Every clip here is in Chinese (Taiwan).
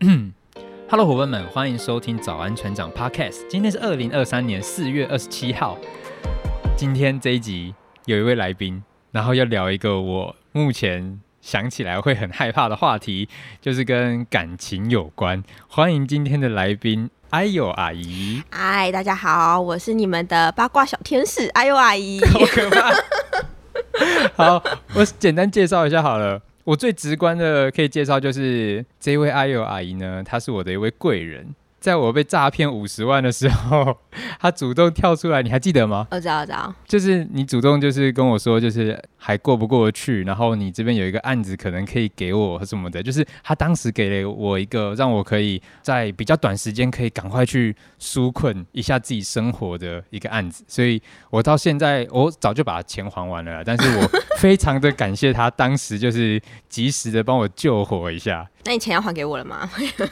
Hello，夥伴們，歡迎收聽《早安船長》Podcast。今天是二零二三年四月二十七號。今天這一集有一位來賓，然後要聊一個我目前想起來會很害怕的話題，就是跟感情有關。歡迎今天的來賓，唉唷阿姨！嗨，大家好，我是你們的八卦小天使，唉唷阿姨，好可怕！ 好，我簡單介紹一下好了。我最直觀的可以介紹，就是這一位唉唷阿姨呢，她是我的一位貴人。在我被詐騙五十萬的時候，他主動跳出來，你還記得嗎？我我知道，我知道。就是你主動就是跟我說，就是還過不過得去，然後你這邊有一個案子可能可以給我什麼的，就是他當時給了我一個讓我可以在比較短時間可以趕快去紓困一下自己生活的一個案子，所以我到現在我早就把錢還完了，但是我非常的感謝他當時就是及時的幫我救火一下。 那你錢要還給我了嗎？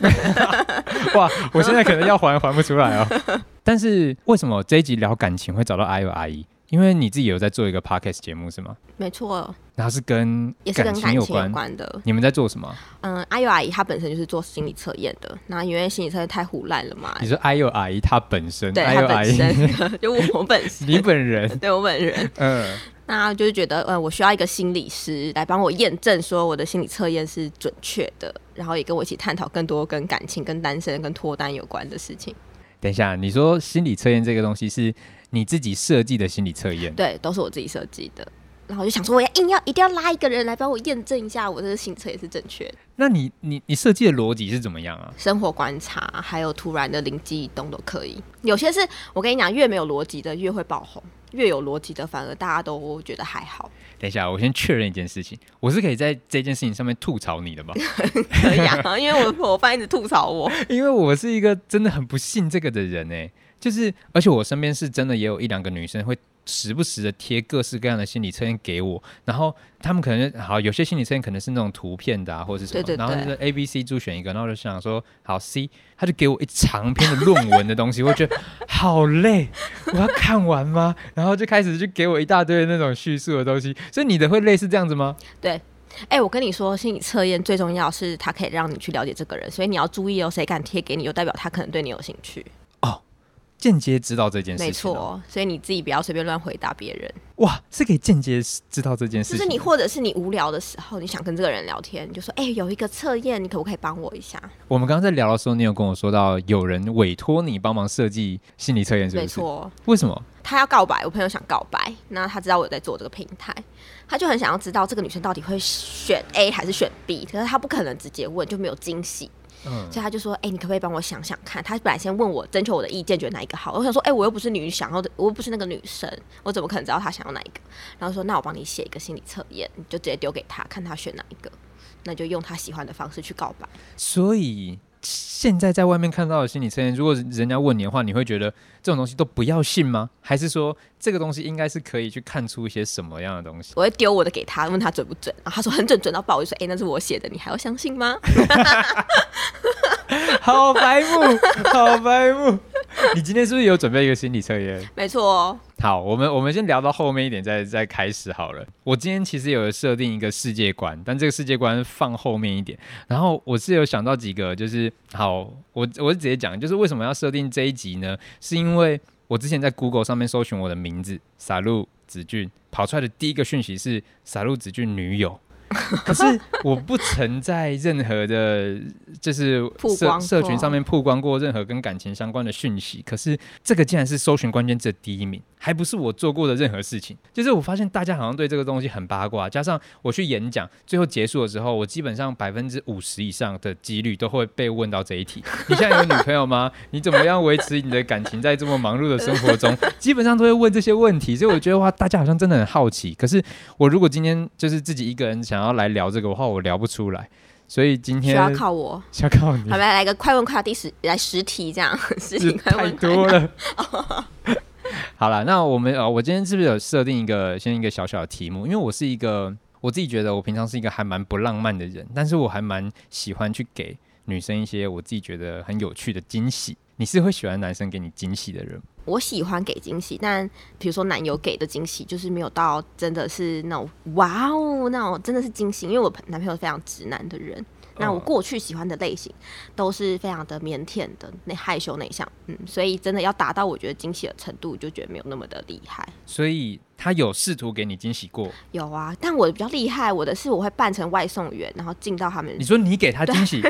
哇，我現在可能要還還不出來哦。 但是為什麼這一集聊感情會找到唉唷阿姨？因為你自己有在做一個 podcast 節目是嗎？沒錯錯。那是跟也是跟感情有關的。你們在做什麼？嗯，唉唷阿姨她本身就是做心理測驗的，然後因為心理測驗太唬爛了嘛。你說唉唷阿姨她本身？對，唉唷阿姨就我本人。你本人？對，我本人。嗯。那就是覺得，呃、嗯，我需要一個心理師來幫我驗證說，我的心理測驗是準確的，然後也跟我一起探討更多跟感情、跟單身、跟脫單有關的事情。等一下，你說心理測驗這個東西是你自己設計的心理測驗？對，都是我自己設計的。然後我就想說，我要硬，欸，要一定要拉一個人來幫我驗證一下，我這個行程也是正確的。那你你你設計的邏輯是怎麼樣啊？生活觀察，還有突然的靈機一動都可以。有些是，我跟你講，越沒有邏輯的越會爆紅，越有邏輯的反而大家都覺得還好。等一下，我先確認一件事情，我是可以在這件事情上面吐槽你的吧？ 可以啊，因為我我爸一直吐槽我， 因為我是一個真的很不信這個的人哎，就是而且我身邊是真的也有一兩個女生會。時不時的貼各式各樣的心理測驗給我，然後他們可能好，有些心理測驗可能是那種圖片的啊，或者是什麼，嗯、對對對，然後就是 A、B、C 中選一個，然後就想說好 C，他就給我一長篇的論文的東西， 我覺得好累，我要看完嗎？ 然後就開始就給我一大堆那種敘述的東西，所以你的會類似這樣子嗎？對，哎、欸，我跟你說，心理測驗最重要是他可以讓你去了解這個人，所以你要注意哦，誰敢貼給你，就代表他可能對你有興趣。間接知道這件事，沒錯，所以你自己不要隨便亂回答別人。哇，是可以間接知道這件事情。就是,是你，或者是你無聊的時候，你想跟這個人聊天，你就說：“哎、欸，有一個測驗，你可不可以幫我一下？”我們剛剛在聊的時候，你有跟我說到有人委托你幫忙設計心理測驗是不是，沒錯。為什麼？他要告白，我朋友想告白，那他知道我在做這個平台，他就很想要知道這個女生到底會選 A 還是選 B，可是他不可能直接問，就沒有驚喜。嗯、所以他就說：“哎、欸，你可不可以幫我想想看？他本來先問我，徵求我的意見，覺得哪一個好。我想說，哎、欸，我又不是女，想要的，我又不是那個女生，我怎麼可能知道他想要哪一個？然後說，那我幫你寫一個心理測驗，你就直接丟給他，看他選哪一個，那就用他喜歡的方式去告白。”所以。現在在外面看到的心理測驗，如果人家問你的話，你會覺得這種東西都不要信嗎？還是說這個東西應該是可以去看出一些什麼樣的東西？我會丟我的給他，問他準不準，然後他說很準，準，準到不好意思，誒，那是我寫的，你還要相信嗎？ 好白目，好白目！ 你今天是不是有準備一個心理測驗？沒錯哦。好，我們我們先聊到後面一點，再再開始好了。我今天其實有設定一個世界觀，但這個世界觀放後面一點。然後我是有想到幾個，就是好，我我是直接講，就是為什麼要設定這一集呢？是因為我之前在 Google 上面搜尋我的名字，SALU 子俊，跑出來的第一個訊息是 SALU 子俊女友。 可是我不曾在任何的，就是社社群上面曝光過任何跟感情相關的訊息。可是這個竟然是搜尋關鍵字的第一名，還不是我做過的任何事情。就是我發現大家好像對這個東西很八卦。加上我去演講，最後結束的時候，我基本上百分之五十以上的幾率都會被問到這一題：你現在有女朋友嗎？你怎麼樣維持你的感情在這麼忙碌的生活中？基本上都會問這些問題。所以我覺得哇，大家好像真的很好奇。可是我如果今天就是自己一個人想。然後來聊這個的話，我聊不出來，所以今天需要靠我，需要靠你。好，來來個快問快答，第十來十題這樣。十題快問太多了。 好了，那我們啊、哦，我今天是不是有設定一個，先一個小小的題目？因為我是一個，我自己覺得我平常是一個還蠻不浪漫的人，但是我還蠻喜歡去給女生一些我自己覺得很有趣的驚喜。你是會喜歡男生給你驚喜的人？我喜歡給驚喜，但比如說男友給的驚喜，就是沒有到真的是那種哇哦，那種真的是驚喜，因為我男朋友非常直男的人。哦，那我過去喜歡的類型都是非常的靦腆的，那害羞內向，嗯，所以真的要達到我覺得驚喜的程度，就覺得沒有那麼的厲害。所以他有試圖給你驚喜過？有啊，但我比較厲害，我的是我會扮成外送員，然後進到他們。你說你給他驚喜？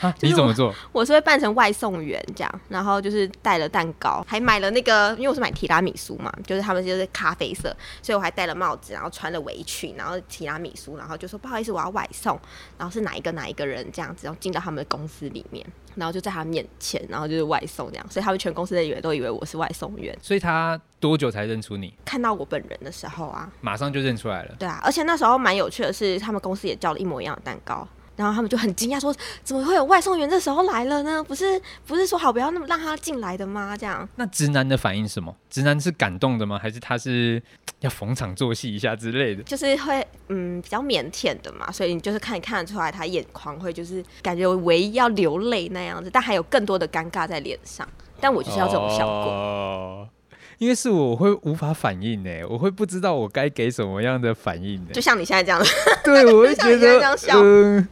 啊，你怎麼做？是我，我是會扮成外送員這樣，然後就是帶了蛋糕，還買了那個，因為我是買提拉米蘇嘛，就是他們就是咖啡色，所以我還戴了帽子，然後穿了圍裙，然後提拉米蘇，然後就說不好意思，我要外送，然後是哪一個哪一個人這樣子，然後進到他們的公司裡面，然後就在他們面前，然後就是外送這樣，所以他們全公司的人都以為我是外送員。所以他多久才認出你？看到我本人的時候啊，馬上就認出來了。對啊，而且那時候蠻有趣的是，他們公司也叫了一模一樣的蛋糕。然後他們就很驚訝，說怎麼會有外送員這時候來了呢？不是不是說好不要那麼讓他進來的嗎？這樣，那直男的反應是什麼？直男是感動的嗎？還是他是要逢場作戲一下之類的？就是會嗯比較腼腆的嘛，所以你就是看看得出來他眼眶會就是感覺唯一要流淚那樣子，但還有更多的尷尬在臉上。但我就是要這種效果。Oh. 因為是我會無法反應誒、欸，我會不知道我該給什麼樣的反應、欸，就像你現在這樣。 對，我會覺得，你這樣笑，嗯、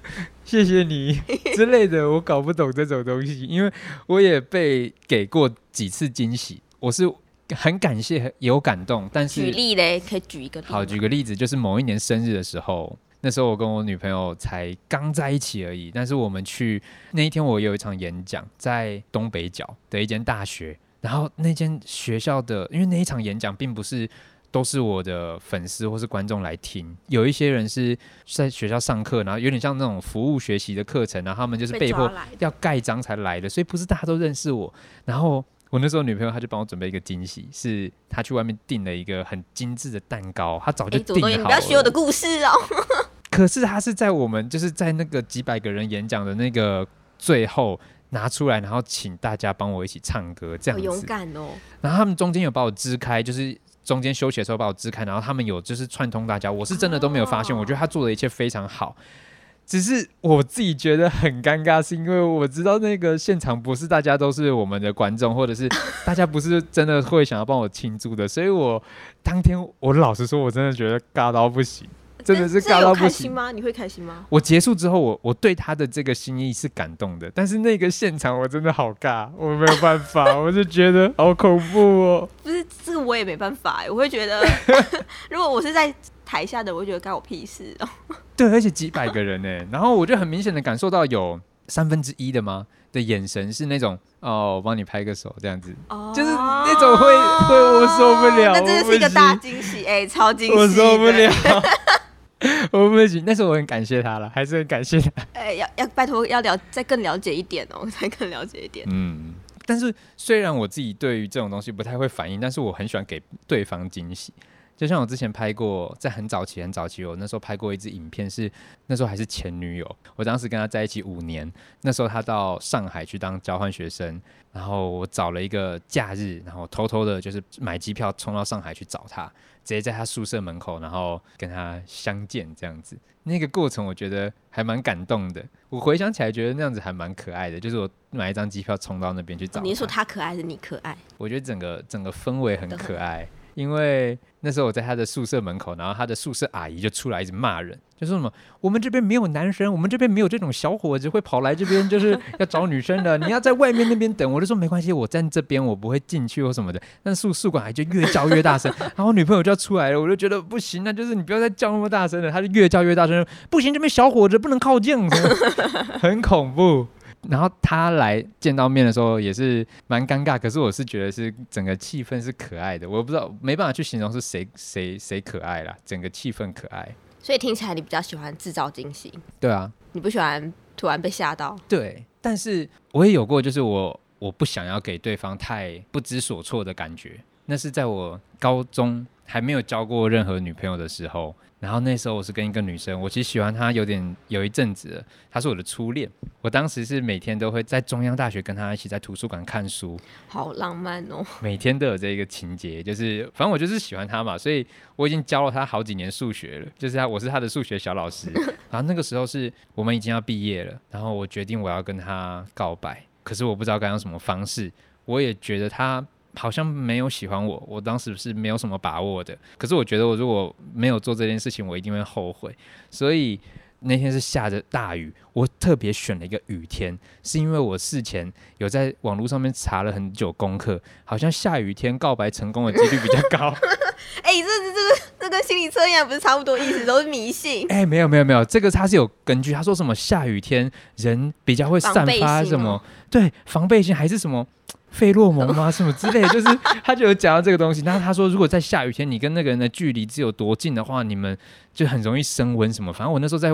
謝謝你 之類的，我搞不懂這種東西，因為我也被給過幾次驚喜，我是很感謝，很有感動，但是。舉例嘞，可以舉一個。好，舉個例子，就是某一年生日的時候，那時候我跟我女朋友才剛在一起而已，但是我們去那一天，我有一場演講，在東北角的一間大學。然後那間學校的，因為那一場演講並不是都是我的粉絲或是觀眾來聽，有一些人是在學校上課，然後有點像那種服務學習的課程，然後他們就是被迫要蓋章才來的，來的，所以不是大家都認識我。然後我那時候女朋友她就幫我準備一個驚喜，是她去外面訂了一個很精致的蛋糕，她早就訂好了。不要學我的故事哦。 可是她是在我們就是在那個幾百個人演講的那個最後。拿出來，然後請大家幫我一起唱歌，這樣子。勇敢哦！然後他們中間有把我支開，就是中間休息的時候把我支開，然後他們有就是串通大家，我是真的都沒有發現。我覺得他做的一切非常好，只是我自己覺得很尷尬，是因為我知道那個現場不是大家都是我們的觀眾，或者是大家不是真的會想要幫我慶祝的，所以我當天我老實說，我真的覺得尬到不行。真的是尬到不行嗎？你會開心嗎？我結束之後我，我我對他的這個心意是感動的，但是那個現場我真的好尬，我沒有辦法， 我就覺得好恐怖哦。不是，這我也沒辦法，我會覺得，如果我是在台下的，我會覺得干我屁事哦。對，而且幾百個人呢、欸，然後我就很明顯的感受到有三分之一的嗎的眼神是那種哦，我幫你拍個手這樣子哦，就是那種會會我受不了，那真的是一個大驚喜哎，超驚喜，我受不,不了。我不行，但是我很感謝他了，還是很感謝他。哎、欸，要要拜託，要了再更了解一點哦、喔，再更了解一點。嗯，但是雖然我自己對於這種東西不太會反應，但是我很喜歡給對方驚喜。就像我之前拍過，在很早期、很早期，我那時候拍過一支影片，是那時候還是前女友。我當時跟她在一起五年，那時候她到上海去當交換學生，然後我找了一個假日，然後偷偷的就是買機票衝到上海去找她，直接在她宿舍門口，然後跟她相見這樣子。那個過程我覺得還蠻感動的，我回想起來覺得那樣子還蠻可愛的。就是我買一張機票衝到那邊去找。你說她可愛，還是你可愛？我覺得整個整個氛圍很可愛。因為那時候我在他的宿舍門口，然後他的宿舍阿姨就出來一直罵人，就說什麼“我們這邊沒有男生，我們這邊沒有這種小伙子會跑來這邊，就是要找女生的。”你要在外面那邊等。我就說沒關係，我站這邊，我不會進去或什麼的。但是宿宿管阿姨就越叫越大聲，然後女朋友就要出來了，我就覺得不行，那就是你不要再叫那麼大聲了。他就越叫越大聲，不行，這邊小伙子不能靠近什麼，很恐怖。然後他來見到面的時候也是蠻尷尬，可是我是覺得是整個氣氛是可愛的，我不知道沒辦法去形容是誰誰誰可愛啦，整個氣氛可愛。所以聽起來你比較喜歡製造驚喜？對啊，你不喜歡突然被嚇到。對，但是我也有過，就是我我不想要給對方太不知所措的感覺，那是在我高中還沒有交過任何女朋友的時候。然後那時候我是跟一個女生，我其實喜歡她有，有點有一陣子了，她是我的初戀。我當時是每天都會在中央大學跟她一起在圖書館看書，好浪漫哦。每天都有這個情節，就是反正我就是喜歡她嘛，所以我已經教了她好幾年數學了，就是她，我是她的數學小老師。然後那個時候是我們已經要畢業了，然後我決定我要跟她告白，可是我不知道該用什麼方式，我也覺得她。好像沒有喜歡我，我當時是沒有什麼把握的。可是我覺得，我如果沒有做這件事情，我一定會後悔。所以那天是下着大雨，我特別選了一個雨天，是因為我事前有在網絡上面查了很久功課，好像下雨天告白成功的幾率比較高。哎、、 欸，這這這這跟心理測驗不是差不多意思，都是迷信。哎、欸，沒有沒有沒有，這個他是有根據。他說什麼下雨天人比較會散發什麼？對，防備心還是什麼？費洛蒙嗎？什麼之類的，就是他就有講到這個東西。然後 他說，如果在下雨天，你跟那個人的距離只有多近的話，你們就很容易升溫什麼。反正我那時候在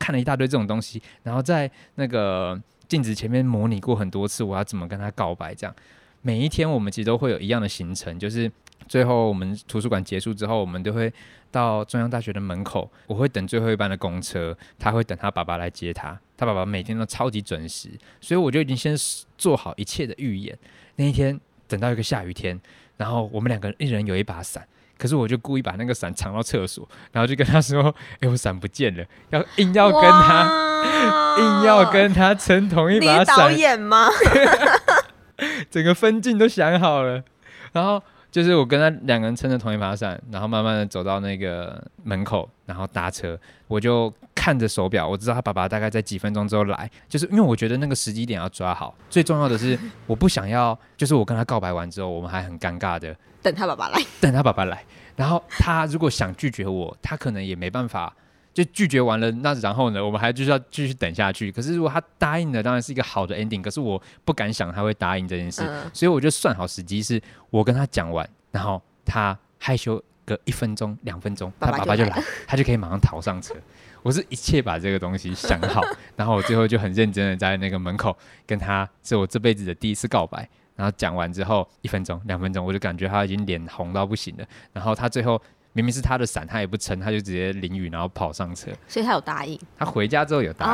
看了一大堆這種東西，然後在那個鏡子前面模擬過很多次，我要怎麼跟他告白。這樣每一天，我們其實都會有一樣的行程，就是最後我們圖書館結束之後，我們都會。到中央大學的門口，我會等最後一班的公車，他會等他爸爸來接他，他爸爸每天都超級準時，所以我就已經先做好一切的預演。那一天等到一個下雨天，然後我們兩個人一人有一把傘，可是我就故意把那個傘藏到廁所，然後就跟他說：“哎、欸，我傘不見了，要硬要跟他，哇 硬要跟他撐同一把傘。”你導演嗎？ 整個分鏡都想好了，然後。就是我跟他兩個人撐着同一把傘，然後慢慢的走到那個門口，然後搭車。我就看着手錶，我知道他爸爸大概在幾分鐘之後來。就是因為我覺得那個時機點要抓好，最重要的是我不想要，就是我跟他告白完之後，我們還很尷尬的等他爸爸來，等他爸爸來。然後他如果想拒絕我，他可能也沒辦法。就拒絕完了，那然後呢？我們還就是要繼續等下去。可是如果他答應了，當然是一個好的 ending。可是我不敢想他會答應這件事，嗯、所以我就算好時機是我跟他講完，然後他害羞個一分鐘、兩分鐘，他爸爸就來，爸爸就來他就可以馬上逃上車。我是一切把這個東西想好， 然後我最後就很認真的在那個門口跟他，是我這輩子的第一次告白。然後講完之後，一分鐘、兩分鐘，我就感覺他已經臉紅到不行了。然後他最後。明明是他的傘，他也不撐，他就直接淋雨，然後跑上車。所以他有答應。他回家之後有答應。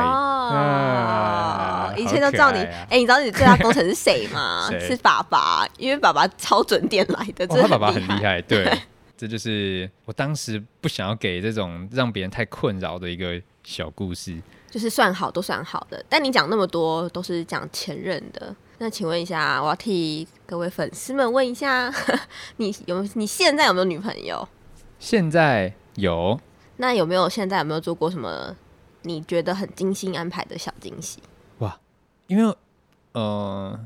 哦，一切、啊、都照你。哎、啊欸，你知道你最大功臣是誰嗎？ 誰是爸爸，因為爸爸超準點來的，的、哦。他爸爸很厲害，對。對，這就是我當時不想要給這種讓別人太困擾的一個小故事。就是算好都算好的，但你講那麼多都是講前任的。那請問一下，我要替各位粉絲們問一下，你有你現在有沒有女朋友？現在有。那有沒有，現在有沒有做過什麼你覺得很精心安排的小驚喜？哇，因為呃，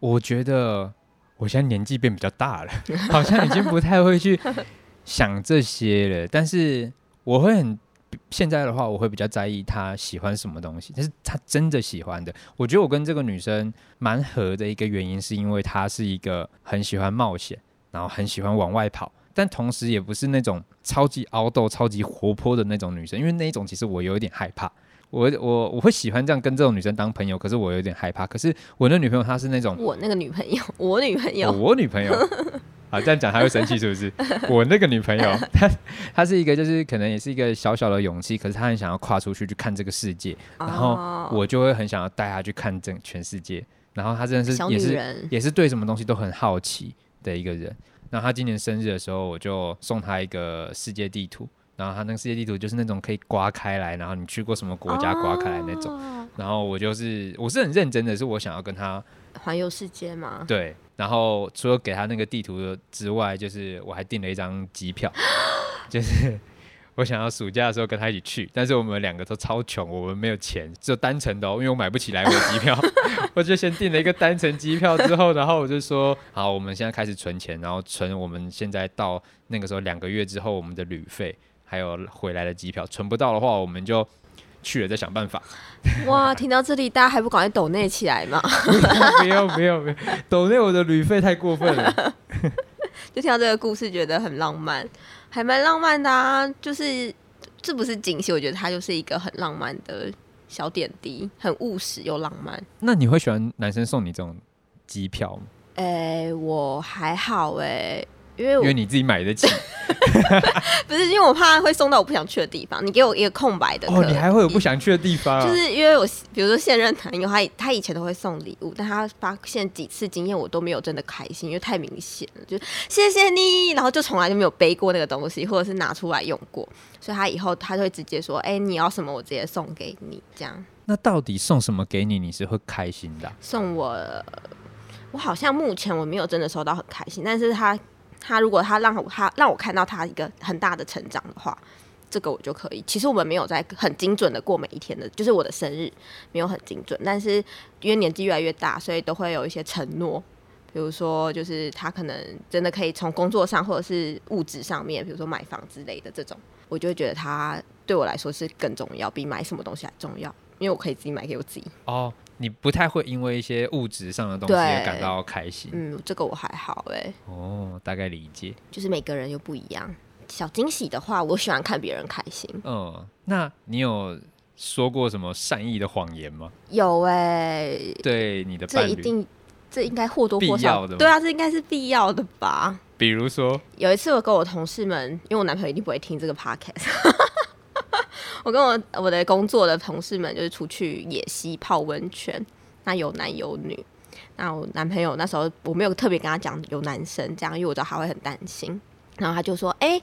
我覺得我現在年紀變比較大了， 好像已經不太會去想這些了。 但是我會很現在的話，我會比較在意他喜歡什麼東西，但是他真的喜歡的。我覺得我跟這個女生蠻合的一個原因，是因為她是一個很喜歡冒險，然後很喜歡往外跑。但同時也不是那種超級凹斗，超級活潑的那種女生，因為那一種其實我有一點害怕。我我我會喜歡這樣跟這種女生當朋友，可是我有點害怕。可是我的女朋友她是那種……我那個女朋友，我女朋友，哦、我女朋友 啊，這樣講她會生氣是不是？ 我那個女朋友，她她是一個就是可能也是一個小小的勇氣，可是她很想要跨出去去看這個世界，哦、然後我就會很想要帶她去看整全世界。然後她真的是也是，人也，是也是對什麼東西都很好奇的一個人。然後他今年生日的時候，我就送他一個世界地圖。然後他那個世界地圖就是那種可以刮開來，然後你去過什麼國家刮開來那種。啊、然後我就是，我是很認真的是，我想要跟他環遊世界嘛。對。然後除了給他那個地圖之外，就是我還訂了一張機票，啊、就是。我想要暑假的時候跟他一起去，但是我們兩個都超窮，我們沒有錢，只有單程的哦，因為我買不起來回機票， 我就先訂了一個單程機票，之後，然後我就說，好，我們現在開始存錢，然後存我們現在到那個時候，兩個月之後我們的旅費，還有回來的機票，存不到的話，我們就去了再想辦法。哇， 聽到這裡，大家還不趕快抖內起來嗎？沒有沒有沒有，抖內 我的旅費太過分了， 就聽到這個故事覺得很浪漫。還蠻浪漫的啊，就是這不是驚喜，我覺得它就是一個很浪漫的小點滴，很務實又浪漫。那你會喜歡男生送你這種機票嗎？誒、欸，我還好誒、欸。因為因為你自己買得起，對 不是因為我怕他會送到我不想去的地方。你給我一個空白的哦，你還會有不想去的地方，啊。就是因為我比如說現任男友，他他以前都會送禮物，但他發現幾次經驗我都沒有真的開心，因為太明顯了，就謝謝你，然後就從來就沒有背過那個東西，或者是拿出來用過，所以他以後他就會直接說：“哎、欸，你要什麼？我直接送給你。”這樣。那到底送什麼給你？你是會開心的，啊？送我，我好像目前我沒有真的收到很開心，但是他。他如果他讓我他讓我看到他一個很大的成長的話，這個我就可以。其實我們沒有在很精準的過每一天的，就是我的生日沒有很精準，但是因為年紀越來越大，所以都會有一些承諾，比如說，就是他可能真的可以從工作上或者是物質上面，比如說買房之類的這種，我就會覺得他對我來說是更重要，比買什麼東西還重要，因為我可以自己買給我自己哦。Oh. 你不太會因為一些物質上的東西而感到開心，嗯，這個我還好哎、欸。哦，大概理解。就是每個人又不一樣。小驚喜的話，我喜歡看別人開心。嗯，那你有說過什麼善意的謊言嗎？有哎、欸。對你的伴侶這一定，這應該或多或少的，對啊，這應該是必要的吧？比如說，有一次我跟我同事們，因為我男朋友一定不會聽這個 podcast 我跟我我的工作的同事們就是出去野溪泡溫泉，那有男有女，那我男朋友那時候我沒有特別跟他講有男生這樣，因為我知道他會很擔心。然後他就說：“欸，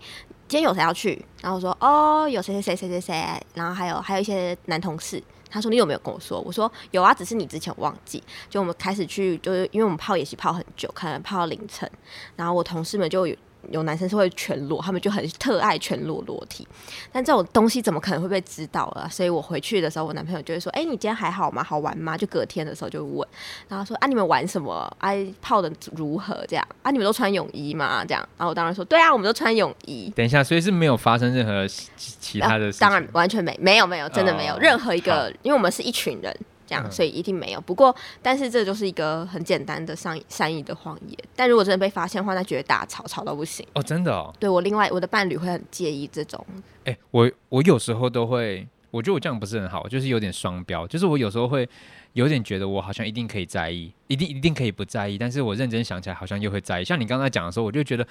今天有誰要去？”然後我說：“哦，有誰誰誰誰誰誰。”然後還有還有一些男同事，他說：“你有沒有跟我說？”我說：“有啊，只是你之前忘記。”就我們開始去，就是因為我們泡野溪泡很久，可能泡到凌晨，然後我同事們就有。有男生是會全裸，他們就很特愛全裸裸體，但這種東西怎麼可能會被知道了，啊？所以我回去的時候，我男朋友就會說：“哎、欸，你今天還好嗎？好玩嗎？”就隔天的時候就問，然後說：“啊，你們玩什麼？哎、啊，泡的如何？這樣啊，你們都穿泳衣嗎？這樣。”然後我當然說：“對啊，我們都穿泳衣。”等一下，所以是沒有發生任何其他的事情，啊，當然完全沒，沒有沒有，真的沒有，哦、任何一個，好因為我們是一群人。這樣，所以一定沒有。嗯、不過，但是這就是一個很簡單的善意善意的謊言。但如果真的被發現的話，那絕對大吵吵到不行哦！真的哦。對我另外我的伴侶會很介意這種。欸、我我有時候都會，我覺得我這樣不是很好，就是有點雙標。就是我有時候會有點覺得我好像一定可以在意，一定一定可以不在意，但是我認真想起來，好像又會在意。像你剛才講的時候，我就覺得。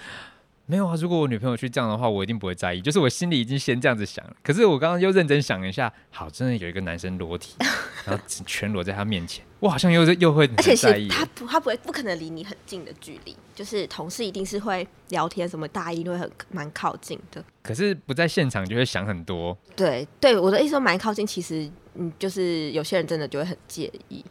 沒有啊，如果我女朋友去這樣的話，我一定不會在意。就是我心裡已經先這樣子想了，可是我剛剛又認真想一下，好，真的有一個男生裸體， 然後全裸在他面前，我好像又又會在意。而且是他不，他不會，不可能離你很近的距離。就是同事一定是會聊天，什麼大衣都會很蠻靠近的。可是不在現場就會想很多。對對，我的意思說蠻靠近，其實嗯，就是有些人真的就會很介意。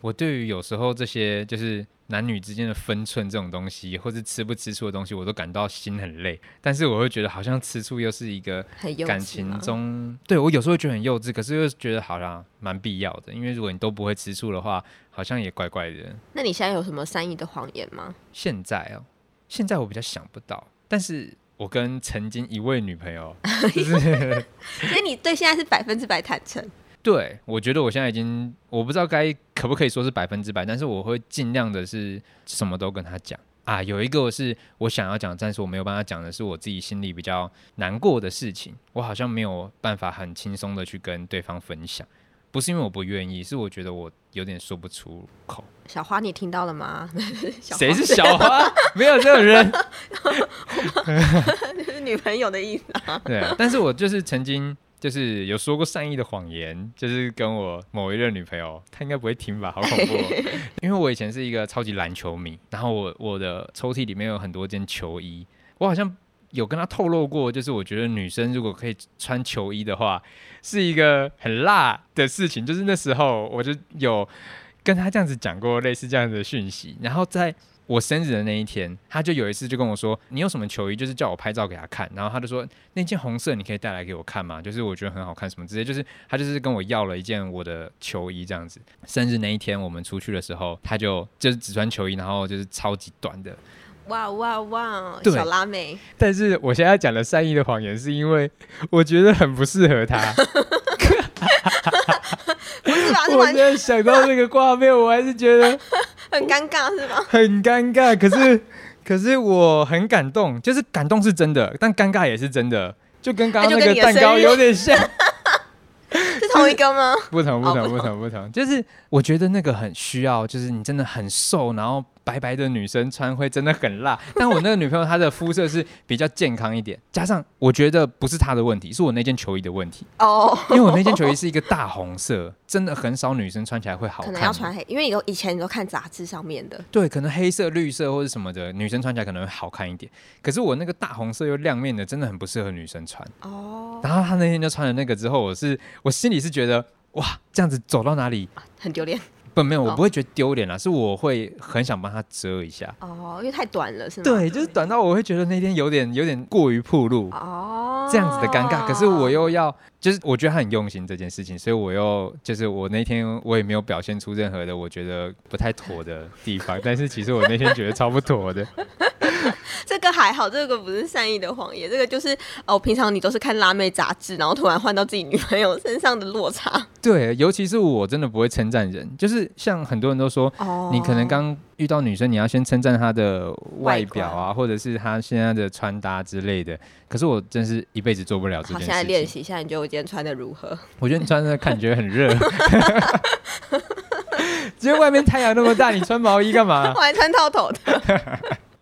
我對於有時候這些就是。男女之間的分寸這種東西，或是吃不吃醋的東西，我都感到心很累。但是我會覺得，好像吃醋又是一個感情中，對我有時候會覺得很幼稚，可是又覺得好像蠻必要的。因為如果你都不會吃醋的話，好像也怪怪的。那你現在有什麼善意的謊言嗎？現在哦，現在我比較想不到。但是，我跟曾經一位女朋友，就是，所以你對現在是百分之百坦誠。對，我覺得我現在已經，我不知道該可不可以說是百分之百，但是我會儘量的是什麼都跟他講啊。有一個是我想要講，但是我沒有辦法講的是我自己心裡比較難過的事情，我好像沒有辦法很輕鬆的去跟對方分享，不是因為我不願意，是我覺得我有點說不出口。小花，你聽到了嗎？ 花誰是小花？ 沒有這種人， 就是女朋友的意思啊。 對，但是我就是曾經。就是有說過善意的謊言，就是跟我某一任女朋友，她應該不會聽吧，好恐怖。 因為我以前是一個超級籃球迷，然後我我的抽屜裡面有很多件球衣，我好像有跟她透露過，就是我覺得女生如果可以穿球衣的話，是一個很辣的事情，就是那時候我就有跟她這樣子講過類似這樣的訊息，然後在。我生日的那一天，他就有一次就跟我說：“你有什麼球衣，就是叫我拍照給他看。”然後他就說：“那件紅色你可以帶來給我看嗎？就是我覺得很好看什麼之類。”直接就是他就是跟我要了一件我的球衣這樣子。生日那一天我們出去的時候，他就就是只穿球衣，然後就是超級短的。哇哇哇！小辣妹。但是我現在講了善意的謊言，是因為我覺得很不適合他。 吧我現在想到那個畫面， 我還是覺得。很尷尬是吧？很尷尬，可是 可是我很感動，就是感動是真的，但尷尬也是真的，就跟剛剛那個蛋糕有點像，是同一個嗎？不同，不同、哦、不同，不同不同，不同，就是我覺得那個很需要，就是你真的很瘦，然後。白白的女生穿會真的很辣，但我那個女朋友她的膚色是比較健康一點， 加上我覺得不是她的問題，是我那件球衣的問題哦，Oh、因為我那件球衣是一個大紅色， 真的很少女生穿起來會好看，可能要穿黑，因為有以前你都看雜誌上面的，對，可能黑色、綠色或者什麼的女生穿起來可能會好看一點，可是我那個大紅色又亮面的，真的很不適合女生穿哦。Oh、然後她那天就穿了那個之後，我是我心裡是覺得哇，這樣子走到哪裡很丟臉。不，沒有，oh. 我不會覺得丟臉啦，是我會很想幫他遮一下。哦，oh, 因為太短了，是嗎？對，就是短到我會覺得那天有點有點過於暴露哦，這樣子的尷尬，oh. 可是我又要，就是我覺得他很用心這件事情，所以我又就是我那天我也沒有表現出任何的我覺得不太妥的地方， 但是其實我那天覺得超不妥的。 這個還好，這個不是善意的謊言，這個就是哦，平常你都是看辣妹雜誌，然後突然換到自己女朋友身上的落差。對，尤其是我真的不會稱讚人，就是。像很多人都說，oh, 你可能剛遇到女生，你要先稱讚她的外表啊，外觀。或者是她現在的穿搭之類的。可是我真是一輩子做不了這件事情。現在練習一下，你覺得我今天穿的如何？我覺得你穿的感覺很熱。今天外面太陽那麼大，你穿毛衣幹嘛？我還穿套頭的。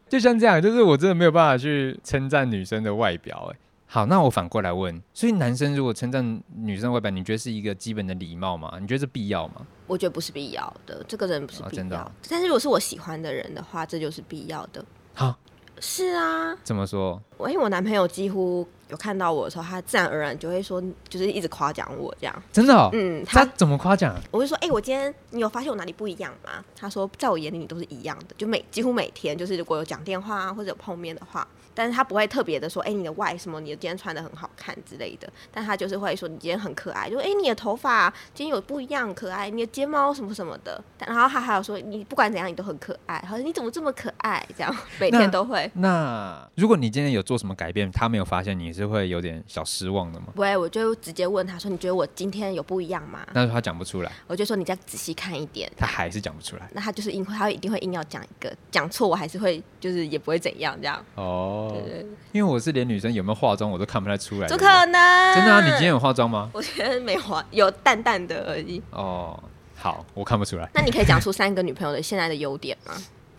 就像這樣，就是我真的沒有辦法去稱讚女生的外表欸。好，那我反過來問，所以男生如果稱讚女生外表，你覺得是一個基本的禮貌嗎？你覺得是必要嗎？我覺得不是必要的，這個人不是必要。哦，真的哦。但是如果是我喜歡的人的話，這就是必要的。好。哦？是啊，怎麼說？因為、欸、我男朋友幾乎有看到我的時候，他自然而然就會說，就是一直誇獎我這樣。真的、哦？嗯。他，他怎麼誇獎？我就說，哎、欸，我今天你有發現我哪裡不一樣嗎？他說，在我眼裡你都是一樣的。就每幾乎每天，就是如果有講電話啊，或者有碰面的話，但是他不會特別的說，哎、欸，你的外什麼，你今天穿得很好看之類的。但他就是會說，你今天很可愛，就哎、欸，你的頭髮今天有不一樣，很可愛，你的睫毛什麼什麼的。然後他還有說，你不管怎樣你都很可愛，他說：‘你怎麼這麼可愛？’這樣，每天都會。那，那如果你今天有做。做什麼改變，他沒有發現，你是會有點小失望的嗎？不、欸，會，我就直接問他說：“你覺得我今天有不一樣嗎？”但是他講不出來，我就說：“你再仔細看一點。”他還是講不出來，那他就是硬，他一定會硬要講一個，講錯我還是會，就是也不會怎樣這樣。哦，對對對，因為我是連女生有沒有化妝我都看不太出來對不對？不可能，真的啊？你今天有化妝嗎？我覺得沒化，有淡淡的而已。哦，好，我看不出來。那你可以講出三個女朋友的現在的優點嗎？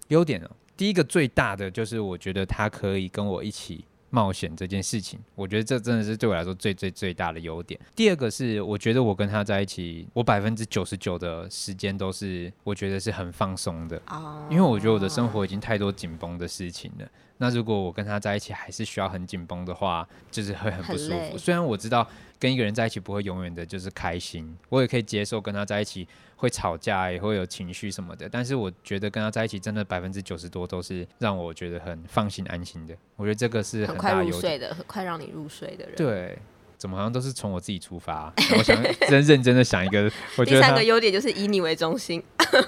優 點啊、喔。第一個最大的就是，我覺得他可以跟我一起冒險這件事情，我覺得這真的是對我來說最最最大的優點。第二個是，我覺得我跟他在一起我，我百分之九十九的時間都是我覺得是很放鬆的，因為我覺得我的生活已經太多緊繃的事情了。那如果我跟他在一起還是需要很緊繃的話，就是會很不舒服。雖然我知道。跟一個人在一起不會永遠的，就是開心。我也可以接受跟他在一起會吵架，也會有情緒什麼的。但是我覺得跟他在一起真的百分之九十多都是讓我覺得很放心安心的。我覺得這個是很，很快入睡的，很快讓你入睡的人。對，怎麼好像都是從我自己出發啊？我想真認真的想一個， 我覺得第三個優點就是以你為中心。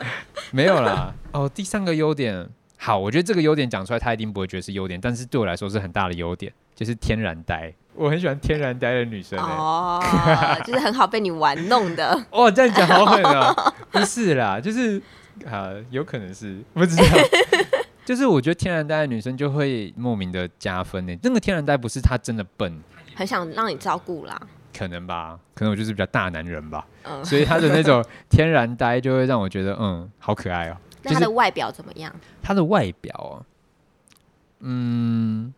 沒有啦，哦，第三個優點。好，我覺得這個優點講出來，他一定不會覺得是優點，但是對我來說是很大的優點，就是天然呆。我很喜歡天然呆的女生哦、欸，oh, 就是很好被你玩弄的。 哦，這樣講好狠啊、喔！ 不是啦，就是啊、呃，有可能是不知道， 就是我覺得天然呆的女生就會莫名的加分呢、欸。那個天然呆不是她真的笨，很想讓你照顧啦。可能吧，可能我就是比較大男人吧， 所以她的那種天然呆就會讓我覺得嗯，好可愛哦、喔。他的外表怎麼樣？就是、他的外表、啊，嗯，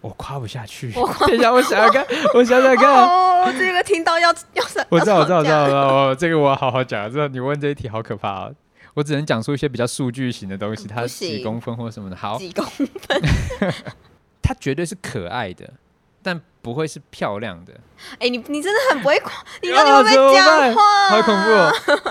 我誇不下去。哇 等一下，我想想看，哇 我，我想想看哦哦哦，我我。哦，這個聽到要要是我好好知道，我知道，我知道，我知道。這個我要好好講啊！真的，你問這一題好可怕哦、啊。我只能講出一些比較數據型的東西，它幾公分或什麼的。好，幾公分。 它絕對是可愛的，但不會是漂亮的。哎、欸，你你真的很不會誇，你真的會講話、啊啊，好恐怖、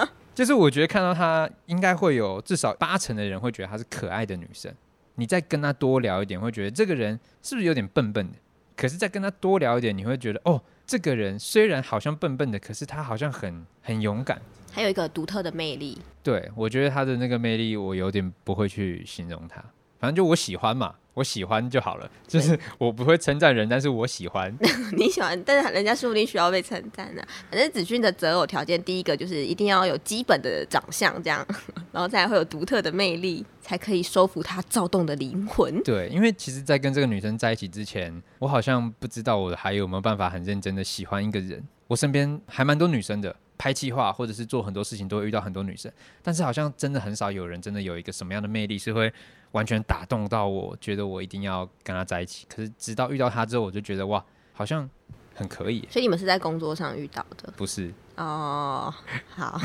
哦。就是我覺得看到她，應該會有至少八成的人會覺得她是可愛的女生。你再跟她多聊一點，會覺得這個人是不是有點笨笨的？可是再跟她多聊一點，你會覺得哦，這個人雖然好像笨笨的，可是她好像很很勇敢，還有一個獨特的魅力。對，我覺得她的那個魅力，我有點不會去形容她。反正就我喜歡嘛，我喜歡就好了。就是我不會稱讚人，嗯、但是我喜歡。 你喜歡，但是人家說不定需要被稱讚呢？反正子君的擇偶條件，第一個就是一定要有基本的長相，這樣，然後再會有獨特的魅力，才可以收服他躁動的靈魂。對，因為其實，在跟這個女生在一起之前，我好像不知道我還有沒有辦法很認真的喜歡一個人。我身邊還蠻多女生的，拍企劃或者是做很多事情都會遇到很多女生，但是好像真的很少有人真的有一個什麼樣的魅力是會。完全打動到我覺得我一定要跟他在一起，可是直到遇到他之後，我就覺得哇，好像很可以。所以你們是在工作上遇到的？不是哦，oh, 好，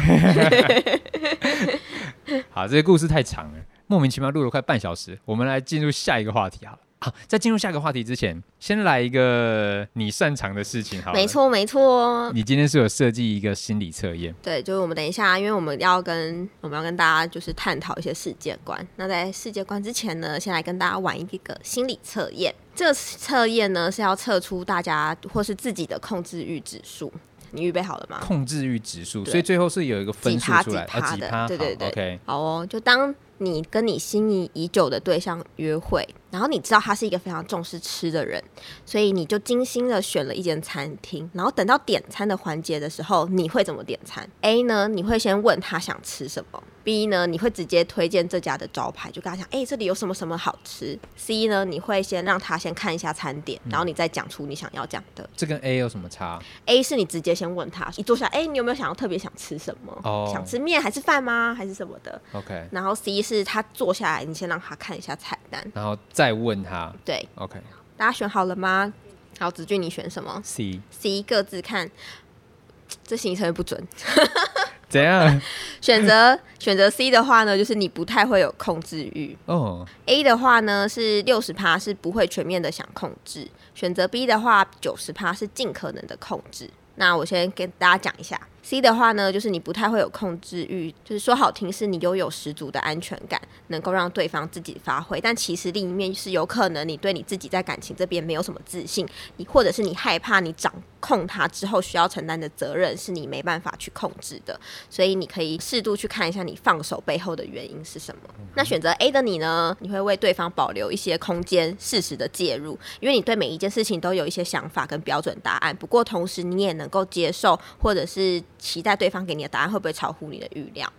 好，這個故事太長了，莫名其妙錄了快半小時，我們來進入下一個話題好了。好、啊，在進入下個話題之前，先來一個你擅長的事情好。好，沒錯沒錯。你今天是有設計一個心理測驗，對，就是我們等一下，因為我們要跟我們要跟大家就是探討一些世界觀。那在世界觀之前呢，先來跟大家玩一個心理測驗。這個測驗呢是要測出大家或是自己的控制慾指數。你預備好了嗎？控制慾指數，對所以最後是有一個分數出來，幾趴的？啊、幾趴？對對對好，okay，好哦，就當。你跟你心儀已久的對象約會，然後你知道他是一個非常重視吃的人，所以你就精心的選了一間餐廳，然後等到點餐的環節的時候，你會怎麼點餐？A 呢？你會先問他想吃什麼？B 呢？你會直接推薦這家的招牌，就跟他講，哎、欸，這裡有什麼什麼好吃？C 呢？你會先讓他先看一下餐點，然後你再講出你想要講的、嗯。這跟 A 有什麼差？A 是你直接先問他，你坐下，哎、欸，你有沒有想要特別想吃什麼？哦、想吃麵還是飯嗎？還是什麼的？OK。然後 C 是是他坐下來，你先讓他看一下菜單，然後再問他。對，OK，大家選好了嗎？好，子俊你選什麼？C。C 各自看，這行程也不準。 怎樣？選擇選擇 C 的話呢，就是你不太會有控制欲。Oh. A 的話呢是六十趴，是不會全面的想控制。選擇 B 的話，九十趴是盡可能的控制。那我先給大家講一下。C 的話呢，就是你不太會有控制欲，就是說好聽是你擁有十足的安全感，能夠讓對方自己發揮。但其實另一面是有可能你對你自己在感情這邊沒有什麼自信，你或者是你害怕你掌控他之後需要承擔的責任是你沒辦法去控制的，所以你可以適度去看一下你放手背後的原因是什麼。嗯、那選擇 A 的你呢，你會為對方保留一些空間，適時的介入，因為你對每一件事情都有一些想法跟標準答案。不過同時你也能夠接受或者是。期待對方給你的答案會不會超乎你的預料？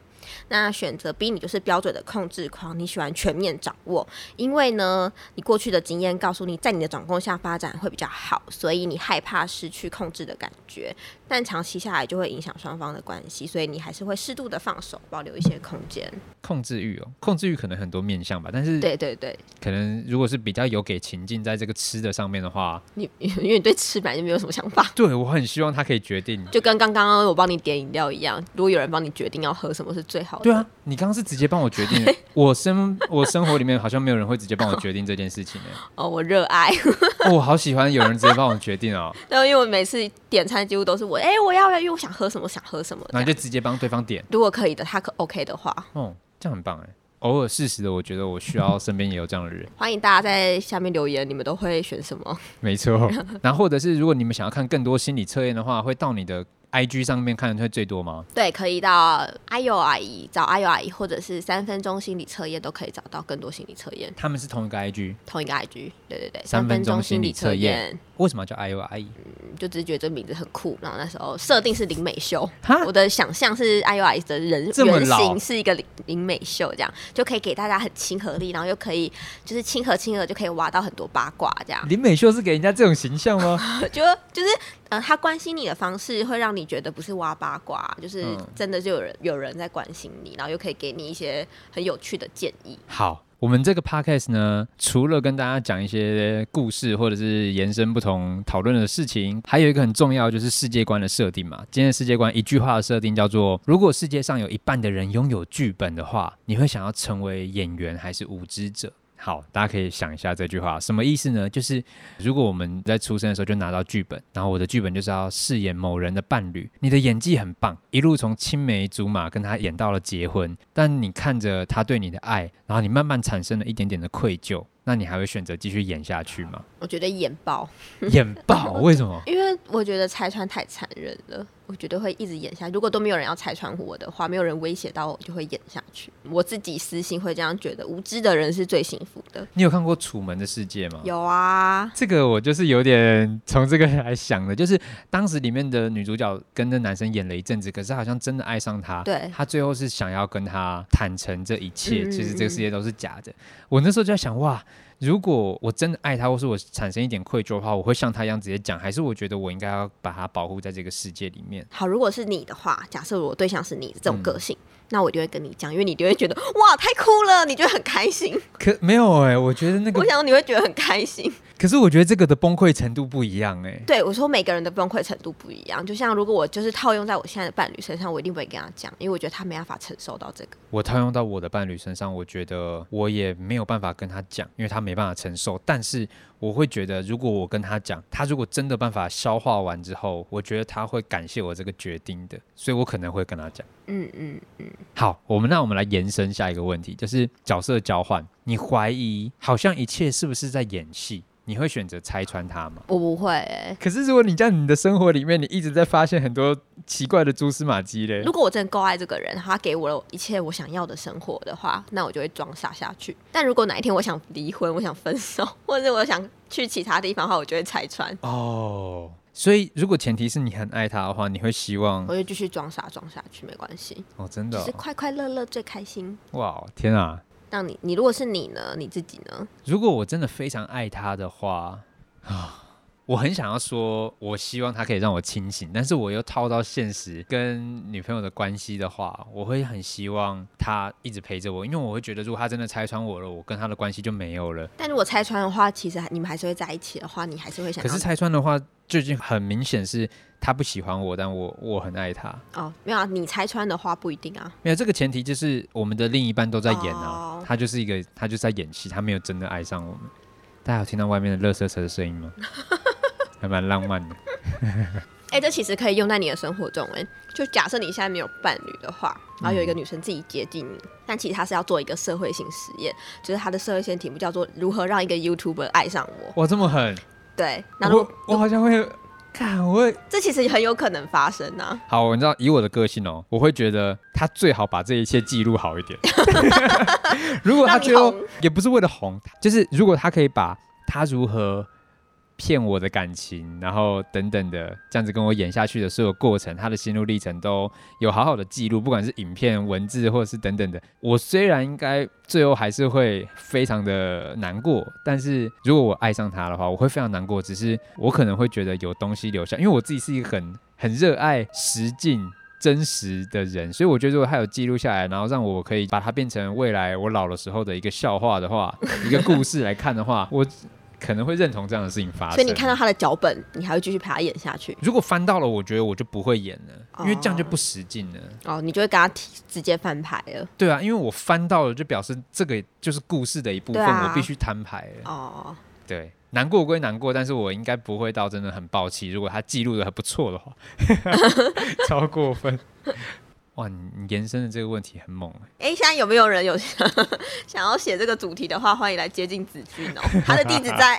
那選擇 B，你就是標準的控制狂，你喜歡全面掌握，因為呢，你過去的經驗告訴你，在你的掌控下發展會比較好，所以你害怕失去控制的感覺。但長期下來就會影響雙方的關係，所以你還是會適度的放手，保留一些空間。控制慾哦，控制慾可能很多面向吧，但是對對對，可能如果是比較有給情境在這個吃的上面的話，你因為你對吃本來就沒有什麼想法，對，我很希望他可以決定，就跟剛剛我幫你點飲料一樣，如果有人幫你決定要喝什麼是最好的，對啊，你剛剛是直接幫我決定， 我生我生活裡面好像沒有人會直接幫我決定這件事情誒，哦，我熱愛， 我好喜歡有人直接幫我決定哦，然後因為每次點餐幾乎都是我。哎、欸，我要因為我想喝什麼，想喝什麼，那就直接幫對方點。如果可以的，他可以 OK 的話，嗯、哦，這樣很棒哎。偶爾適時的，我覺得我需要身邊也有這樣的人。 歡迎大家在下面留言，你們都會選什麼？沒錯錯。那 或者是如果你們想要看更多心理測驗的話，會到你的 IG 上面看的會最多嗎？對，可以到唉唷阿姨找唉唷阿姨，或者是三分鐘心理測驗都可以找到更多心理測驗。他們是同一個 IG，同一個 IG，對對對，對，三分鐘心理測驗。為什麼叫 I U I？嗯，就只是覺得這名字很酷。然後那時候設定是林美秀。蛤我的想象是 I U I 的人原型是一個林林美秀，這樣就可以給大家很親和力，然後又可以就是親和親和，就可以挖到很多八卦。這樣林美秀是給人家這種形象嗎？ 就就是呃，他關心你的方式會讓你覺得不是挖八卦，就是真的就有人、嗯、有人在關心你，然後又可以給你一些很有趣的建議。好。我們這個 podcast 呢，除了跟大家講一些故事或者是延伸不同討論的事情，還有一個很重要就是世界觀的設定嘛。今天的世界觀一句話的設定叫做：如果世界上有一半的人擁有劇本的話，你會想要成為演員還是無知者？好，大家可以想一下這句話什麼意思呢？就是如果我們在出生的時候就拿到劇本，然後我的劇本就是要飾演某人的伴侶，你的演技很棒，一路從青梅竹馬跟他演到了結婚，但你看着他對你的愛，然後你慢慢產生了一點點的愧疚，那你還會選擇繼續演下去嗎？我覺得演爆， 演爆，為什麼？因為我覺得拆穿太殘忍了。我覺得會一直演下去。如果都沒有人要拆穿我的話，沒有人威脅到我，就會演下去。我自己私心會這樣覺得，無知的人是最幸福的。你有看過《楚門的世界》嗎？有啊，這個我就是有點從這個來想的，就是當時裡面的女主角跟那男生演了一陣子，可是好像真的愛上他。對，他最後是想要跟他坦誠這一切，其實、嗯、這個世界都是假的。我那時候就在想，哇。如果我真的愛他，或是我產生一點愧疚的話，我會像他一樣直接講，還是我覺得我應該要把他保護在這個世界裡面？好，如果是你的話，假設我對象是你這種個性。嗯那我就會跟你講，因為你就會覺得哇太酷了，你覺得很開心。可沒有誒、欸，我覺得那個，我想你會覺得很開心。可是我覺得這個的崩潰程度不一樣誒、欸，對，我說每個人的崩潰程度不一樣。就像如果我就是套用在我現在的伴侶身上，我一定不會跟他講，因為我覺得他沒辦法承受到這個。我套用到我的伴侶身上，我覺得我也沒有辦法跟他講，因為他沒辦法承受。但是。我會覺得，如果我跟他講，他如果真的辦法消化完之後，我覺得他會感謝我這個決定的，所以我可能會跟他講。嗯嗯嗯。嗯嗯，好，我們那我們來延伸下一個問題，就是角色交換，你懷疑好像一切是不是在演戲？你會選擇拆穿他嗎？我不，不會，欸。可是如果你在你的生活裡面，你一直在發現很多奇怪的蛛絲馬跡嘞。如果我真的夠愛這個人，他給我了我一切我想要的生活的話，那我就會裝傻下去。但如果哪一天我想離婚，我想分手，或者我想去其他地方的話，我就會拆穿。哦，oh, 所以如果前提是你很愛他的話，你會希望我就繼續裝傻裝下去，沒關係。Oh, 哦，真的，是快快樂樂最開心。哇，wow, 天啊！讓你，你如果是你呢？你自己呢？如果我真的非常愛他的話啊，我很想要說，我希望他可以讓我清醒，但是我又套到現實跟女朋友的關係的話，我會很希望他一直陪着我，因為我會覺得，如果他真的拆穿我了，我跟他的關係就沒有了。但如果拆穿的話，其實你們還是會在一起的話，你還是會想要。可是拆穿的話。最近很明顯是他不喜歡我，但我我很愛他。哦，沒有啊，你拆穿的話不一定啊。沒有這個前提就是我們的另一半都在演啊，哦、他就是一個他就是在演戲，他沒有真的愛上我們。大家有聽到外面的垃圾車的聲音嗎？ 還蠻浪漫的。哎、 欸，這其實可以用在你的生活中哎、欸，就假設你現在沒有伴侶的話，然後有一個女生自己接近你，嗯、但其實她是要做一個社會性實驗，就是她的社會性題目叫做如何讓一個 YouTuber 愛上我。哇，這麼狠！對，然後我，我好像會看果，我會，這其實很有可能發生啊。好，我知道以我的個性哦、喔，我會覺得他最好把這一切記錄好一點。 如果他最後也不是為了紅，就是如果他可以把他如何。騙我的感情，然後等等的，這樣子跟我演下去的所有過程，他的心路歷程都有好好的記錄，不管是影片、文字，或者是等等的。我雖然應該最後還是會非常的難過，但是如果我愛上他的話，我會非常難過。只是我可能會覺得有東西留下，因為我自己是一個很很熱愛實境、真實的人，所以我覺得如果他有記錄下來，然後讓我可以把它變成未來我老的時候的一個笑話的話， 一個故事來看的話，我。可能會認同這樣的事情發生，所以你看到他的腳本，你還會繼續陪他演下去。如果翻到了，我覺得我就不會演了，oh. 因為這樣就不使勁了。哦，oh, 你就會跟他提，直接翻牌了。對啊，因為我翻到了，就表示這個就是故事的一部分，啊、我必須攤牌了。哦，oh. 對，難過歸難過，但是我應該不會到真的很爆氣。如果他記錄的還不錯的話， 超過分。 哇，你延伸的這個問題很猛哎、欸欸！現在有沒有人有想，想要寫這個主題的話，歡迎來接近子君哦，他的地址在。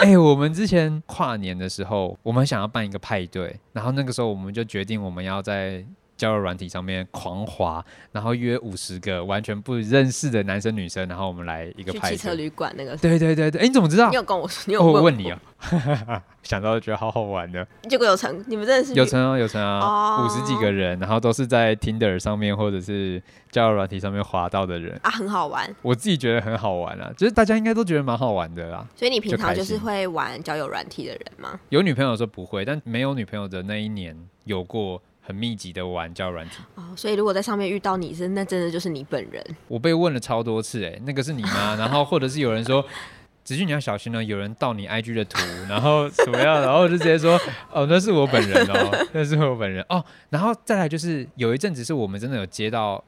哎、 欸，我們之前跨年的時候，我們想要辦一個派對，然後那個時候我們就決定我們要在。交友軟體上面狂滑，然後約五十個完全不認識的男生女生，然後我們來一個去汽車旅館那個。對對對對，哎、欸，你怎麼知道？你有跟我說、哦，我問你啊， 想到就覺得好好玩的，結果有成，你們真的是有成啊有成啊，五十、啊哦、幾個人，然後都是在 Tinder 上面或者是交友軟體上面滑到的人啊，很好玩。我自己覺得很好玩啊，就是大家應該都覺得蠻好玩的啦。所以你平常就是會玩交友軟體的人嗎？有女朋友的時候不會，但沒有女朋友的那一年有過。很密集的玩叫軟體。哦，oh, 所以如果在上面遇到你是，那真的就是你本人。我被問了超多次，欸，那個是你嗎？ 然後或者是有人說子俊，你要小心哦，喔。有人盜你 IG 的圖， 然後怎麼樣？然後我就直接說哦，喔，那是我本人哦，喔，那是我本人哦，喔。然後再來就是有一陣子是我們真的有接到。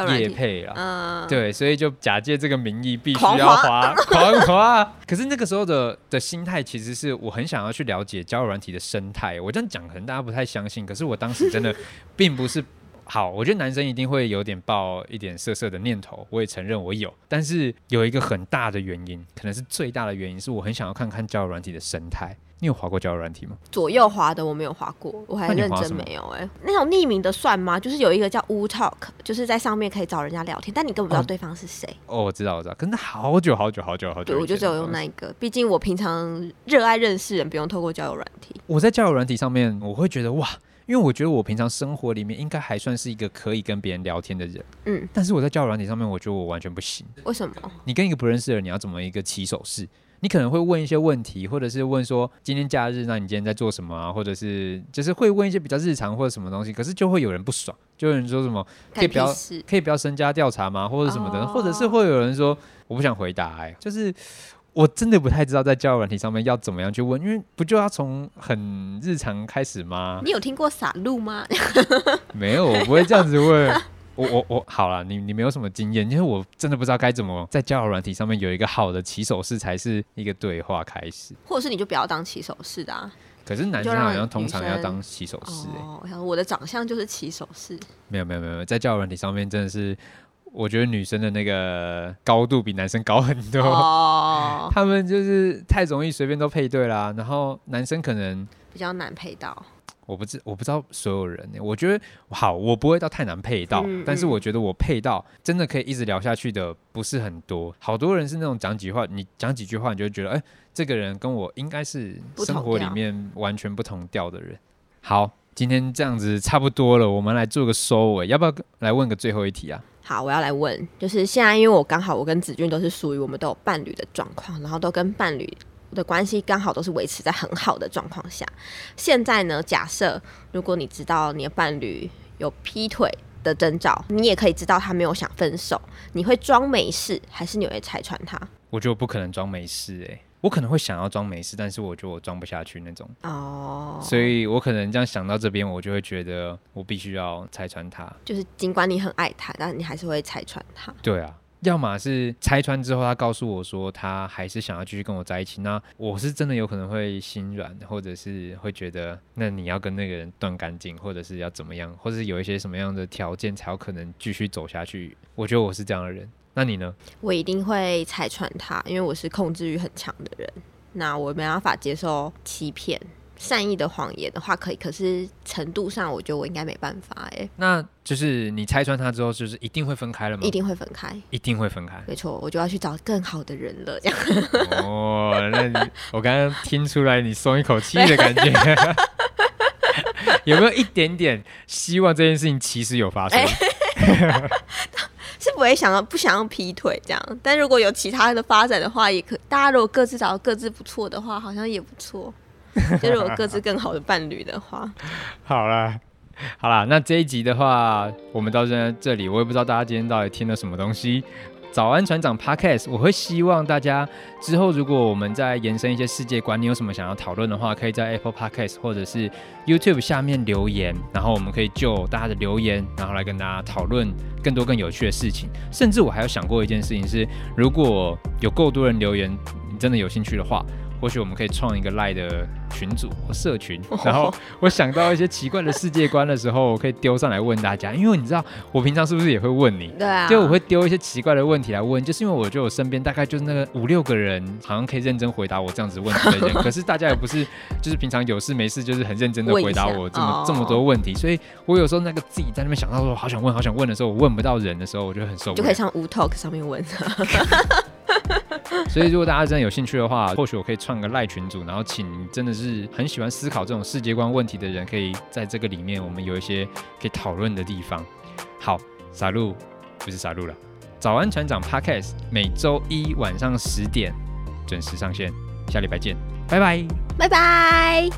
業配了，嗯、對，所以就假借這個名義必，必須要滑，狂滑。可是那個時候的的心態，其實是我很想要去了解交友軟體的生態。我這樣講，可能大家不太相信，可是我當時真的並不是。 好，我覺得男生一定會有點抱一點色色的念頭，我也承認我有，但是有一個很大的原因，可能是最大的原因，是我很想要看看交友軟體的生態。你有滑過交友軟體嗎？左右滑的我沒有滑過，我還認真沒有、欸。哎，那種匿名的算嗎？就是有一個叫烏 Talk，就是在上面可以找人家聊天，但你根本不知道對方是誰、哦。哦，我知道，我知道，可是那好久好久好久好久，對，我就只有用那一個，畢竟我平常熱愛認識人，不用透過交友軟體。我在交友軟體上面，我會覺得哇。因為我覺得我平常生活裡面應該還算是一個可以跟別人聊天的人，嗯，但是我在交友軟體上面，我覺得我完全不行。為什麼？你跟一個不認識的人，你要怎麼一個起手式？你可能會問一些問題，或者是問說今天假日，那你今天在做什麼啊？或者是就是會問一些比較日常或者什麼東西，可是就會有人不爽，就有人說什麼可以不要可以不要身家調查嗎，或者什麼的，哦，或者是會有人說我不想回答欸，哎，就是。我真的不太知道在交友軟體上面要怎麼樣去問，因為不就要從很日常開始嗎？你有聽過灑露嗎？ 沒有，我不會這樣子問。 我我我好了，你你沒有什麼經驗，因為我真的不知道該怎麼在交友軟體上面有一個好的起手式，才是一個對話開始。或者是你就不要當起手式的啊？可是男生好像通常要當起手式，欸、哦。我想說我的長相就是起手式。沒有沒有沒有，在交友軟體上面真的是。我覺得女生的那個高度比男生高很多，oh, 他們就是太容易隨便都配對啦。然後男生可能比較難配到。我不知我不知道所有人、欸，我覺得好，我不會到太難配到。嗯、但是我覺得我配到真的可以一直聊下去的不是很多。好多人是那種講幾話，你講幾句話你就會覺得哎、欸，這個人跟我應該是生活裡面完全不同調的人。好，今天這樣子差不多了，我們來做個收尾、欸，要不要來問個最後一題啊？好，我要來問，就是現在，因為我剛好我跟子俊都是屬於我們都有伴侶的狀況，然後都跟伴侶的關係剛好都是維持在很好的狀況下。現在呢，假設如果你知道你的伴侶有劈腿的徵兆，你也可以知道他沒有想分手，你會裝沒事，還是你會拆穿他？我覺得我不可能裝沒事誒、欸。我可能會想要裝沒事，但是我覺得我裝不下去那種哦，oh. 所以我可能這樣想到這邊，我就會覺得我必須要拆穿他。就是儘管你很愛他，但你還是會拆穿他。對啊，要麼是拆穿之後，他告訴我說他還是想要繼續跟我在一起，那我是真的有可能會心軟，或者是會覺得那你要跟那個人斷乾淨，或者是要怎麼樣，或者是有一些什麼樣的條件才有可能繼續走下去。我覺得我是這樣的人。那你呢？我一定會拆穿他，因為我是控制欲很強的人。那我沒辦法接受欺騙，善意的謊言的話可以，可是程度上，我覺得我應該沒辦法。哎，那就是你拆穿他之後，就是一定會分開了嗎？一定會分開，一定會分開。沒錯，我就要去找更好的人了。這樣 哦，那你我剛剛聽出來你鬆一口氣的感覺， 有沒有一點點希望這件事情其實有發生？欸 是不會想到不想要劈腿這樣，但如果有其他的發展的話，也可以，大家如果各自找到各自不錯的話，好像也不錯。就 如果各自更好的伴侶的話， 好啦，好啦，那這一集的話，我們到現在這裡，我也不知道大家今天到底聽了什麼東西。早安船長 Podcast，我會希望大家之後如果我們再延伸一些世界觀，你有什麼想要討論的話，可以在 Apple Podcast 或者是 YouTube 下面留言，然後我們可以就大家的留言，然後來跟大家討論更多更有趣的事情。甚至我還有想過一件事情是，如果有夠多人留言，你真的有興趣的話。或許我們可以創一個賴的群組或社群，然後我想到一些奇怪的世界觀的時候，oh. 我可以丟上來問大家。因為你知道我平常是不是也會問你？對啊。就我會丟一些奇怪的問題來問，就是因為我覺得我身邊大概就是那個五六個人，好像可以認真回答我這樣子問題的人。 可是大家也不是，就是平常有事沒事就是很認真的回答我這麼、oh. 這麼多問題，所以我有時候那個自己在那邊想到說好想問、好想問的時候，我問不到人的時候，我就很受不了。了就可以上 Wootalk 上面問。 所以，如果大家真的有興趣的話，或許我可以創個賴群組，然後請真的是很喜歡思考這種世界觀問題的人，可以在這個裡面，我們有一些可以討論的地方。好，撒路不是撒路了，早安船長 Podcast 每周一晚上十點準時上線，下禮拜見，拜拜，拜拜。